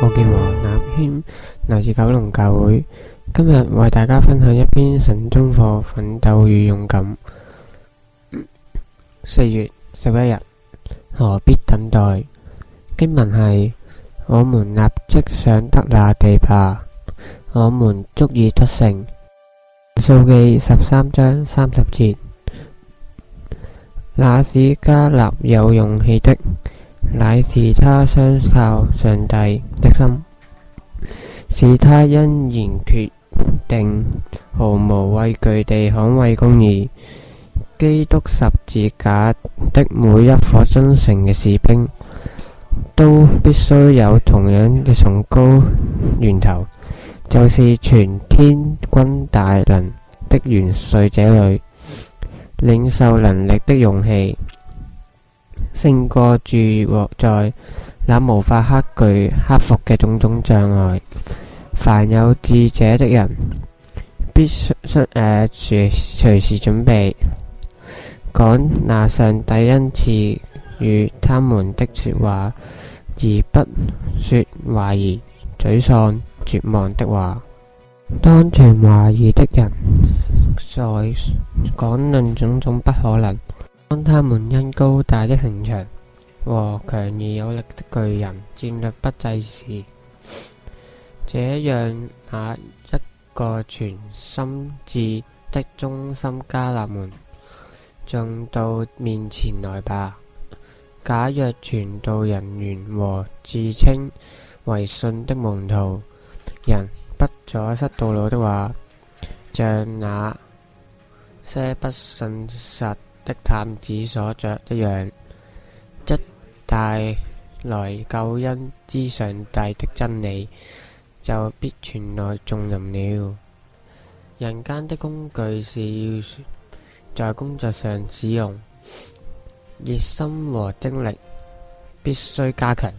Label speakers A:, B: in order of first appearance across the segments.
A: 我叫黃納謙，來自九龍教會。今日為大家分享一篇神中課《奮鬥與勇敢》。四月十一日，何必等待？經文係：我們立即上得那地吧，我們足以得勝。民數記十三章三十節，那是加納有勇氣的。乃是他相靠上帝的心，是他欣然決定毫無畏懼地捍衛公義。基督十字架的每一伙真誠嘅士兵，都必須有同樣嘅崇高源頭，就是全天軍大能的元帥這裏領受能力的勇氣。勝過住卧在那無法克具克服嘅種種障礙。凡有智者的人，必須需誒，隨隨時準備講那上帝恩賜與他們的說話，而不說懷疑、沮喪、絕望的話。當存懷疑的人，在講論種種不可能。當他們因高大的城牆和強而有力的巨人戰略不濟時，這樣那一個全心志的忠心迦勒們，進到面前來吧。假若傳道人員和自稱為信的門徒人不阻塞道路的話，像那些不信實。的探子所著一樣，則帶來救恩之上帝的真理，就必傳來重任了。人間的工具是要在工作上使用，熱心和精力必須加強。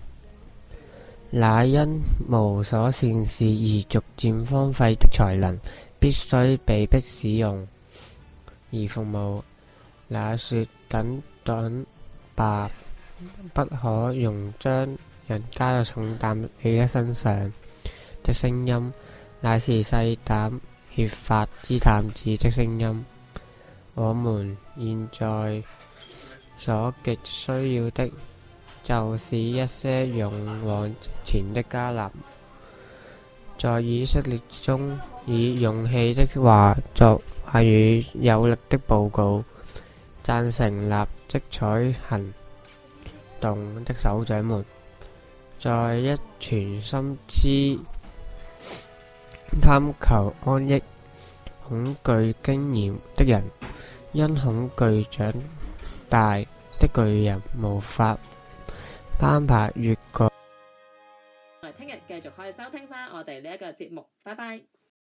A: 乃因無所善事而逐漸荒廢的才能，必須被迫使用而服務。那説等等吧，不可容將人家嘅重擔起喺身上。的聲音，乃是細膽怯法之探子的聲音。我們現在所極需要的，就是一些勇往直前的迦南，在以色列中以勇氣的話作話語有力的報告。贊成立即採取行動的首長們，在一全心思貪求安逸、恐懼經驗的人，因恐懼長大的巨人無法攀爬越過。嚟，聽日繼續可以收聽翻我哋呢一個節目，拜拜。